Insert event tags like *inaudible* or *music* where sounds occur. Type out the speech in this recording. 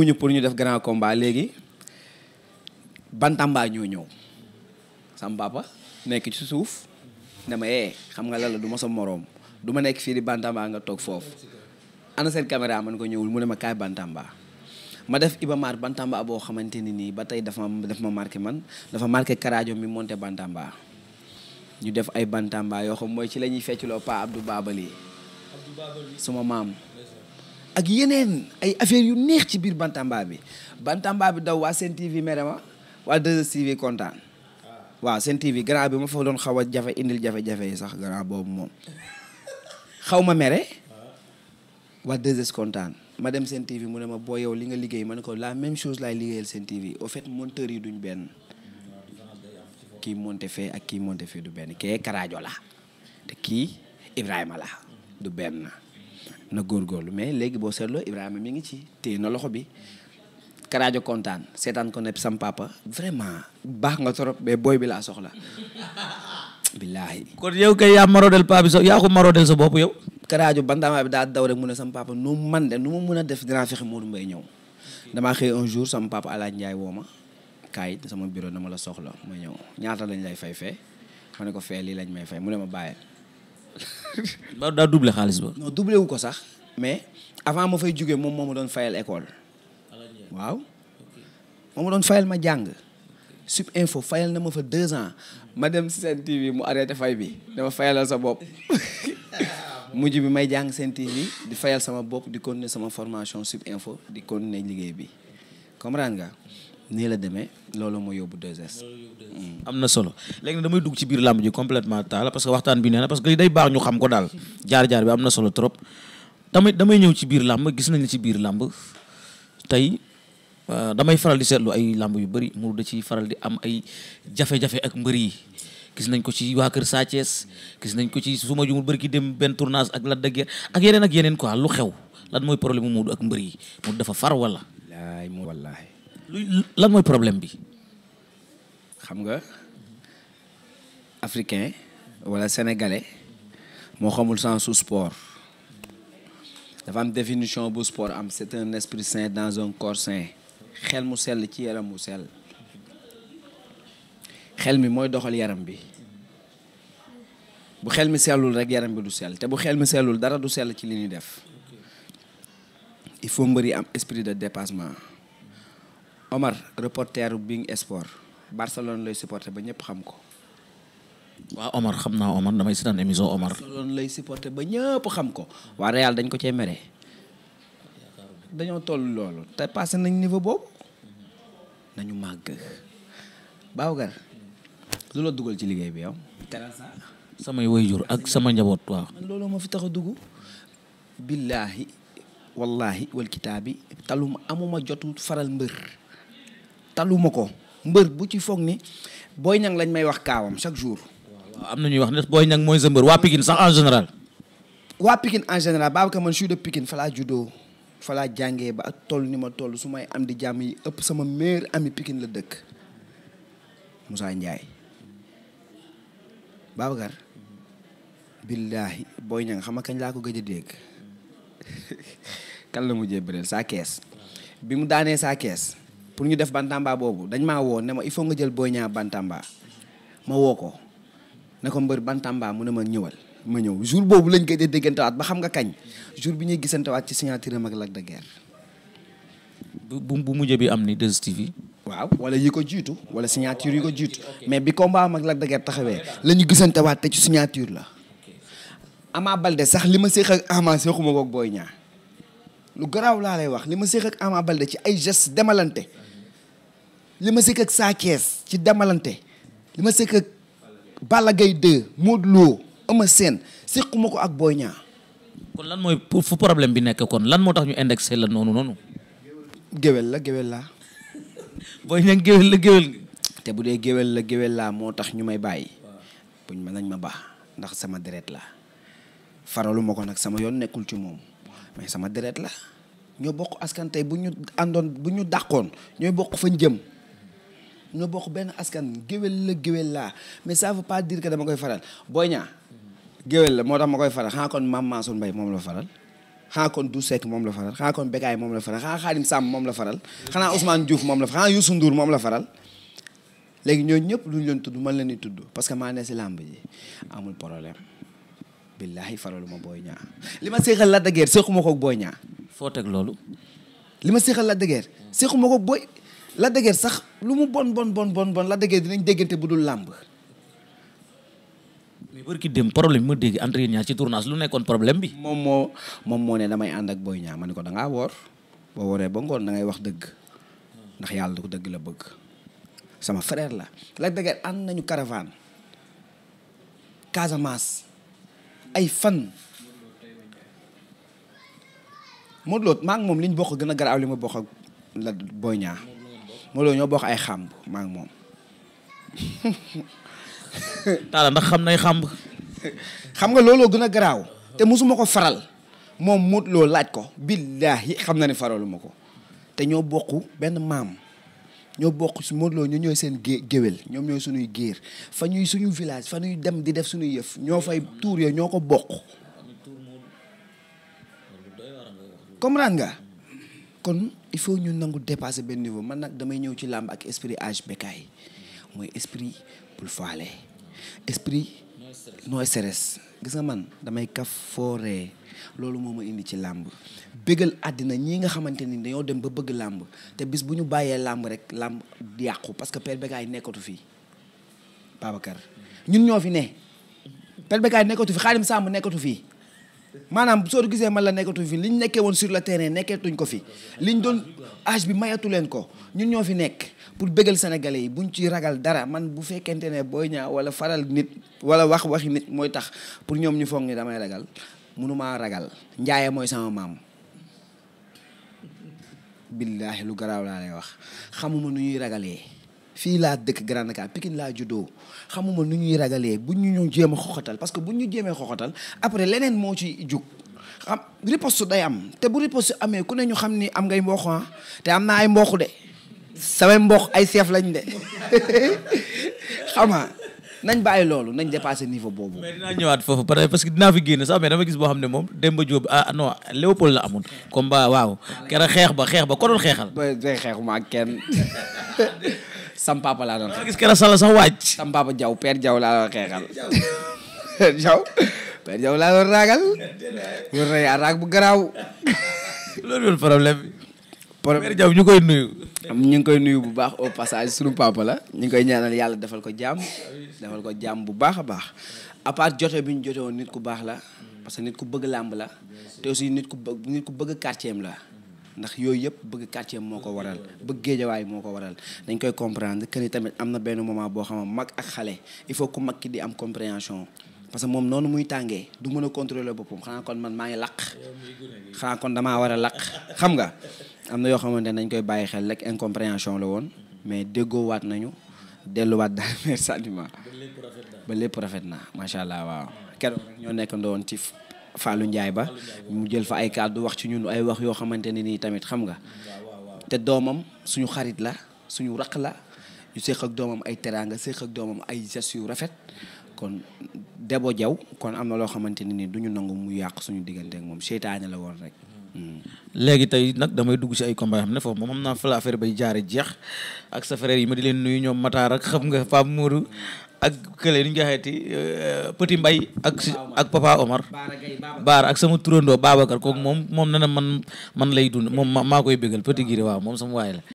ñu pour ñu def grand combat léegi bantamba ñoo ñëw sam papa nekk ci suuf ne ma eh, xam nga lan la du ma sa moroom du ma nekk fii di bantamba nga toog foofu ana seen caméra man ko ñëwul mu ne ma kaay bantamba ma def Ibamar bantamba boo xamante ni nii ba tey dafa def ma marqué man dafa marqué karaajo mi monté bantamba ñu def ay bantamba yoo xam mooy ci la ñuy fecculoo Pa Abdou Babali suma maam ak yeneen ay affaire yu neex ci biir bantamba bi bantamba bi daw waa Sen TV mere ma waa 2STV kontaan waaw Sen TV grand bi ma fa doon xaw a jafe indil jafe-jafe yi sax grand boobu moom xaw ma mere waa 2S kontaan ma dem Sen TV mu ne ma boo yow li nga liggéey ma ne ko la même chose laay liggéeyal Sen TV au fait monteur yi duñ benn kii monte fee ak kii monte fee du benn kee Karajo la te kii Ibrahima la du benn. na góor góorgóorlu mais léegi boo seetloo Ibrahima mi ngi ci téye na loxo bi karaajo kontaan seetaan ko ne sam papa vraiment baax nga trop mais booy bi laa soxla *laughs* billaahi kon yow kay yaa marodel paa bi sa yaa ko marodel sa bopp yow karaajo bandaamaa bi daa daw rek mun ne sam nu man de nu mu mën a def dinaa fexe Modou Mbaye ñëw damaa xëy un jour sama papa alaaj Ndiaye woo ma kaay sama bureau dama la soxla ma ñëw ñaata lañ lay fay fee ma ne ko fee lii lañ may fay mu ne ma bàyyil *laughs* ba daa doublé xaalis ba. non doublé wu ko sax mais avant ma fay jógee moom moo ma doon fayal école. waaw moo ma doon fayal ma jàng. sub info fayal na ma fa deux ans ma dem si seen TV mu arrêté fay bi dama fayalal sa bopp *laughs* mujj bi may jàng seen TV di fayal sama bopp di continuer sama formation sub info di continuer liggéey bi comprendre nga. nii la demee loolu moo yóbbu 2S. Mm. am na solo léegi damay dugg ci biir làmb ji complètement taala parce que waxtaan bi nee na parce que li day baax ñu xam ko daal jaar-jaar bi am na solo trop tamit damay ñëw ci biir làmb gis nañ ci biir làmb tey euh, damay faral di seetlu ay làmb yu bari mu da ciy faral di am ay jafe ak mbër yi. gis nañ ko ci waa Kër Sa gis nañ ko ci su ma jumul bëri ki dem benn tournage ak Lac de ak yeneen ak yeneen ko lu xew lan mooy problème mu Modou ak mbër yi mu dafa far wala. wallaahi. lan mooy problème bi. xam nga africain wala sénégalais moo xamul sans su sport dafa am définition bu sport am c'est un esprit sain dans un corps sain xel mu sell ci yaram mu sell xel mi mooy doxal yaram bi. bu xel mi sellul rek yaram bi du sell te bu xel mi sellul dara du sell ci li ñuy def il faut mbër am esprit de dépassement Omar reporter BeIN Sport Barcelone lay supporter ba ñëpp xam ko. waaw Omar xam naa Omar damay seetaan émission Omar. Barcelone lay supporter ba ñëpp xam ko waa Real dañ ko cee mere dañoo toll loolu te passé nañ niveau boobu nañu màgg Babacar lu la dugal ci liggéey bi yow. samay waajur ak sama njaboot waaw. loolu ma fi tax a dugg. billaahi wallaahi wal talum amuma jotul faral mbër. taluma ko mbër bu ci foog ni booy Niang lañ may wax kaawam chaque jour. waaw am na ñuy wax ne Boy Niang mooy sa mbër waa Pikine sax en général. waa Pikine en général Babacar man je suis de Pikine fa laa juddoo jàngee ba ak toll ni ma toll su may am di jàmm yi ëpp sama meilleur ami Pikine la dëkk Moussa Ndiaye Babacar. billahi Boy Niang xam nga kañ laa ko gëj dégg *laughs* kan la mujjee bëreel saa kees bi mu daanee saa kees. pour ñu def bantamba boobu dañ maa woo ne ma il faut nga jël Boy Niang bantambaa ma woo ko ne ko mbër bantambaa mu ne ma ñëwal ma ñëw jour boobu lañ koy déggantewaat ba xam nga kañ jour bi ñuy gisantewaat ci signature am ak Lac bu mujj bi am ni 2STV. waaw wala yi ko jiitu wala signature yi ko jiitu mais bi combat am ak Lac taxawee la ñu gisantewaat te ci signature la. Ama Balde sax li ma séq ak Ama séquma ko ak Boy lu garaaw laa lay wax li ma séq ak Ama Baldé ci ay gestes demalante li ma séq ak Sa ci demalante li ma sekk ak Balla Gaye 2 Modou Lo Eumeu ko ak Boy Niang kon lan mooy fu problème bi nekk kon lan moo tax ñu indexé la noonu noonu géwél la géwél la *laughs* Boy Niang géwél la géwél te bu dee géwél la géwél laa moo tax ñu may bàyyi buñ ma nañ ma baax ndax sama deret la faraluma ko nag sama yoon nekkul ci moom mais sama deret la ñoo bokk askan tey bu ñu àndoon bu ñu dàqoon ñooy bokk fañ jëm ñoo bokk benn askan géwél la géwél laa mais ça veut pas dire que dama koy faral booy Niang géwél la moo tax ma koy faral xanaa kon Mame mbay Mbaye moom la faral xanaa kon Dou Seck moom la faral xanaa kon Bécaye moom la faral xanaa Khadim moom la faral xanaa Ousmane moom la faral xanaa Youssou Ndour moom la faral léegi ñooñu ñëpp lu ñu loon tudd man leen di tudd parce que maa ne si làmb ji amul problème billaahi faralu ma Boy li ma séexal la de Guiers séexuma ko Boy foo teg loolu. li ma seexal la de Guiers ko booy la de sax lu mu bon bon bon bon bon Lac de dinañ déggante bu dul làmb. mais bari ki dem problème bi ma dégg entre ñaar ci tournage lu nekkoon problème bi. moom moo moom moo ne damay ànd ak Boy Niang ma ne ko da woor boo woree ba ngoon da ngay wax dëgg ndax yàlla du ko dëgg la bëgg sama frère la Lac de ànd nañu caravane Casamance ay fan. Modou Lo maa moom li ñu bokk gën a garaaw li ma bokk ak la Boy Niang ñoo bokk ay xàmb maa ngi moom. Talla ndax xam nay xàmb. xam nga looloo gën a garaaw te mosuma ko faral moom Modou Lo laaj ko billaahi xam na ne faraluma ko te ñoo bokk benn maam. ñoo bokk si Modou Lo ñu ñooy seen gé géwél ñoom ñooy suñuy géer fa ñuy suñu village fa ñuy dem di def suñuy yëf ñoo fay tuur yooyu ñoo ko bokk comprendre nga kon il faut ñun nangu dépasser benn niveau man nag damay ñëw ci làmb ak esprit âge bekkaay mooy esprit bul faale esprit no stress gis nga man damay kaf fooree loolu moo ma indi ci làmb bëggal àddina ñii nga xamante ni dañoo dem ba bëgg làmb te bis bu ñu bàyyee làmb rek làmb yàqu parce que père bekkaay nekkatu fi Babacar ñun ñoo fi ne père bekkaay nekkatu fi Xaadim Samb nekkatu fi maanaam soo gisee man la nekkatu fi li liñ nekkee woon sur le terrain nekkeetuñ ko fi ñu doon âge bi mayatu leen ko ñun ñoo fi nekk pour bëggal sénégalais yi bu buñ ci ragal dara man bu fekkente ne booy ñaa wala faral nit wala wax waxi nit mooy tax pour ñoom ñu foog ni damay ragal mënumaa ragal njaaye mooy sama maam billaahi lu garaaw laa lay wax xamuma nu ñuy ragalee fii laa dëkk Grand Dakar Pikine laa juddoo xamuma nu ñuy ragalee bu ñu ñu jéem a xoxatal parce que bu ñu jéemee xoxatal après leneen moo ci jug xam riposte day am te bu riposte amee ku ne ñu xam ni am ngay mboq ah te am naa ay mboq de samay mboq ay seef lañ de *laughs* xam nga nañ bàyyi loolu nañ dépassé niveau boobu. mais dinaa ñëwaat foofu parce que dinaa fi génn sax mais dama gis boo xam ne moom Demba Diop ah non Léopold la amoon. comme ba waaw keroog xeex ba xeex ba ko doon xeexal. ba xeexuma ak kenn. *laughs* sam papa laa doon xeexal. gis keroog sala sax waaj. sam laa doon xeexal. raagal. wër na yaa raag bu garaaw. loolu yoon problème ñu koy nuyu. ñu ngi koy nuyu bu baax o passage sunu papa la. ñu ngi koy ñaanal yàlla defal ko jàmm. defal ko jàmm bu baax a baax. apart part bi ñu jote woon nit ku baax la. parce que nit ku bëgg làmb la. te aussi nit ku bëgg nit bëgg quartier la. ndax yooyu yëpp bëgg quartier moo ko waral bëgg géejawaay moo ko waral dañ koy comprendre que ni tamit am na benn moment boo xam mag ak xale il ku mag ki di am compréhension parce que moom noonu muy tàngee du mën a contrôler boppam xanaa kon man maa ngi laq kon damaa war a laq xam nga am na yoo xamante ne dañ koy bàyyi xel rek incompréhension la woon mais déggoowaat nañu delluwaat daal *laughs* mer sentiment ba lépp rafet na macha allah waaw keroog ñoo nekk ndowoon tif Fallou Ndiaye ba mu jël fa ay kàddu wax ci ñun ay wax yoo xamante ne nii tamit xam nga te doomam suñu xarit la suñu raq la ñu séq ak doomam ay teraanga séq ak doomam ay gestes yu rafet kon Debo jaw kon am na loo xamante ni nii du ñu nangu mu yàq suñu digganteek moom seytaane la woon rek. Hmm. léegi tey nag damay dugg si ay combat yoo xam ne foofu moom am naa fa la affaire bay jaare jeex ak sa frère yi ma di leen nuyu ñoom Matar ak xam nga Pape Mourou ak kële ñu joxeeti euh, Petit Mbay ak ak Papa Omar Baar ak sama turandoo baaba Babacar kooku moom moom nana man man lay dund moom maa koy bégal Petit Guiré waaw moom sama waay la